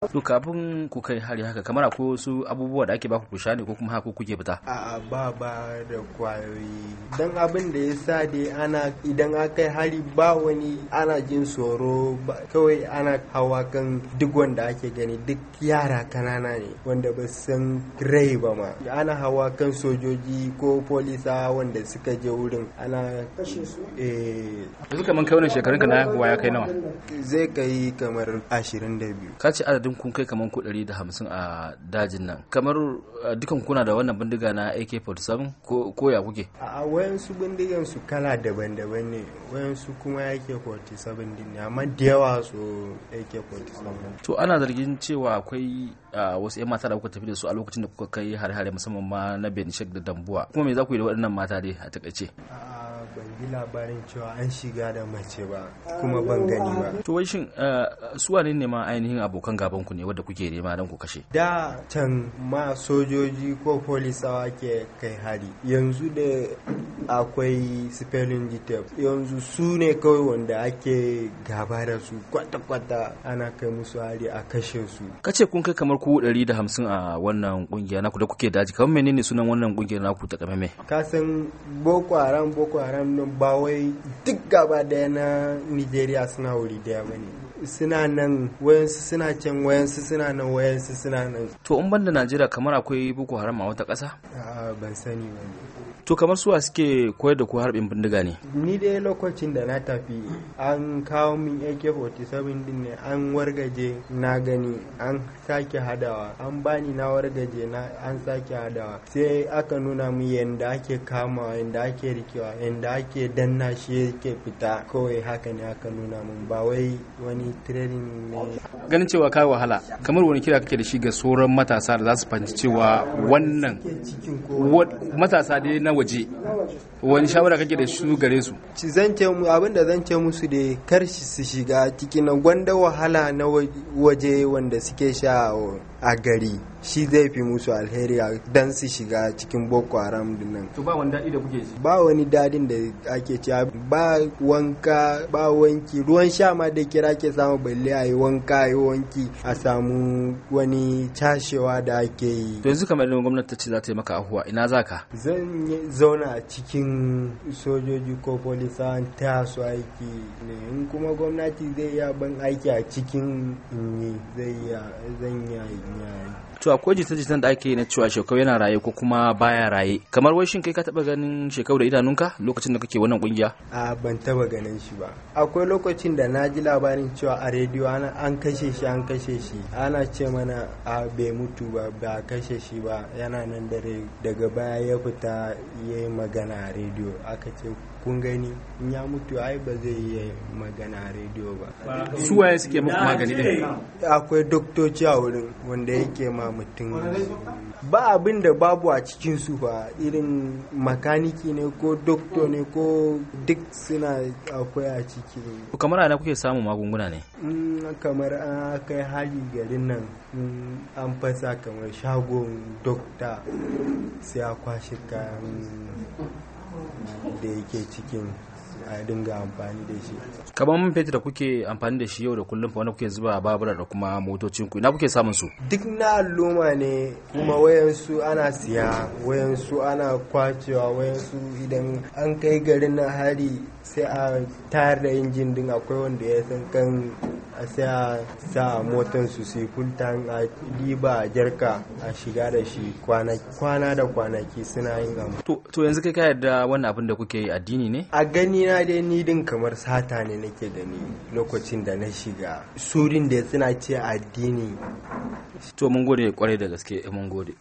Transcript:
To kafin ku kai hari haka kamar akwai wasu abubuwa da ake baku ku sha ne ko kuma haka kuke fita? a ba ba da kwayoyi. Dan abin da ya sa dai ana idan aka hari ba wani ana jin tsoro kawai ana hawa kan duk wanda ake gani duk yara kanana ne wanda ba san rai ba ma. Ana hawa kan sojoji ko polisa wanda suka je wurin ana kashe su. Eh. kai wannan ka na kai nawa? Zai kai kamar 22. Ka ce adadin kun kai kamar ku 150 a dajin nan kamar dukan kuna da wannan bindiga na AK47 ko ya kuke a wayansu bindigan su kala daban-daban ne wayansu kuma AK47 din amma da yawa su AK47 to ana zargin cewa akwai wasu 'yan mata da kuka tafi da su a lokacin da kuka kai hare-hare musamman ma na Benishek da Dambuwa kuma me za ku yi da waɗannan mata dai a takaice ban ji labarin cewa an shiga da mace ba kuma ban gani ba to wai shin eh, su wane ne ma ainihin abokan gaban ku ne wanda kuke nema dan ku kashe da can ma sojoji ko polisawa ke kai hari yanzu da akwai spelling detail yanzu su ne kawai wanda ake gaba da su kwata-kwata ana kai musu hari a kashe su kace kun kai kamar ku 150 a wannan kungiya naku da kuke daji kamar menene sunan wannan kungiyar naku ta me? ka san boko haram boko haram nan ba wai duk gaba daya na nigeria suna wuri daya ba ne suna nan wayansu suna can wayansu suna nan wayansu suna nan to in banda najeriya kamar akwai boko haram a wata ƙasa ban sani ba to kamar su suke koyar da ku harbin bindiga ne ni dai lokacin da na tafi an kawo min AK47 din ne an wargaje na gani an sake hadawa an bani na wargaje na an sake hadawa sai aka nuna mu yanda ake kama yanda ake rikewa yanda ake danna shi yake fita kawai haka ne aka nuna mun ba wai wani training ne ganin cewa ka wahala kamar wani kira kake da shi ga sauran matasa da za su fahimci cewa wannan matasa dai na na waje wani shawara kake da su gare su zance mu abin da zance musu da karshe su shiga cikin gwanda wahala na waje wanda suke sha a gari shi zai fi musu alheri a dan su shiga cikin boko haram dinnan to ba wani dadi da kuke ji ba wani dadin da ake ci ba wanka ba wanki ruwan sha ma da kira ke samu balle a yi wanka a yi wanki a samu wani cashewa da ake yi to yanzu kamar idan gwamnati ta ce za ta yi maka ahuwa ina za ka zan zauna a cikin sojoji ko polisawan ta su aiki ne in kuma gwamnati zai iya ban aiki a cikin in zai iya zan yi Yeah. to akwai jita-jitan da ake na cewa shekau yana raye ko kuma baya raye kamar wai shin kai ka taba ganin shekau da idanunka lokacin da kake wannan kungiya a ban taba ganin shi ba akwai lokacin da na ji labarin cewa a rediyo an kashe shi an kashe shi ana ce mana a bai mutu ba ba kashe shi ba yana nan dare daga baya ya fita ya yi magana a rediyo aka ce kun gani in ya mutu ai ba zai iya magana a rediyo ba su suke muku magani din akwai doktoci a wurin wanda yake ma mutum ba abin da babu a cikin su ba irin makaniki ne ko doktor ne ko duk suna akwai a ciki kamar ana kuke samun magunguna ne mm, kamar an kai hali garin nan mm, an fasa kamar shagon dokta sai a kwashe kayan da yake cikin a dinga amfani da shi kamar man fetur da kuke amfani da shi yau da kullum wanda kuke zuba babura da kuma motocin ku ina kuke samun su duk na alluma ne kuma wayansu ana siya wayansu ana kwacewa wayansu idan an kai garin na hari sai a tayar da injin din akwai wanda ya san kan a saya sa motan su sai kuntan a diba a jarka a shiga da shi kwana da kwanaki suna yin gama. To yanzu kai ka yarda wannan abin da kuke yi addini ne? A gani na dai ni din kamar sata ne nake gani lokacin da na shiga. Surin da suna ce addini. To mun gode kwarai da gaske mun gode.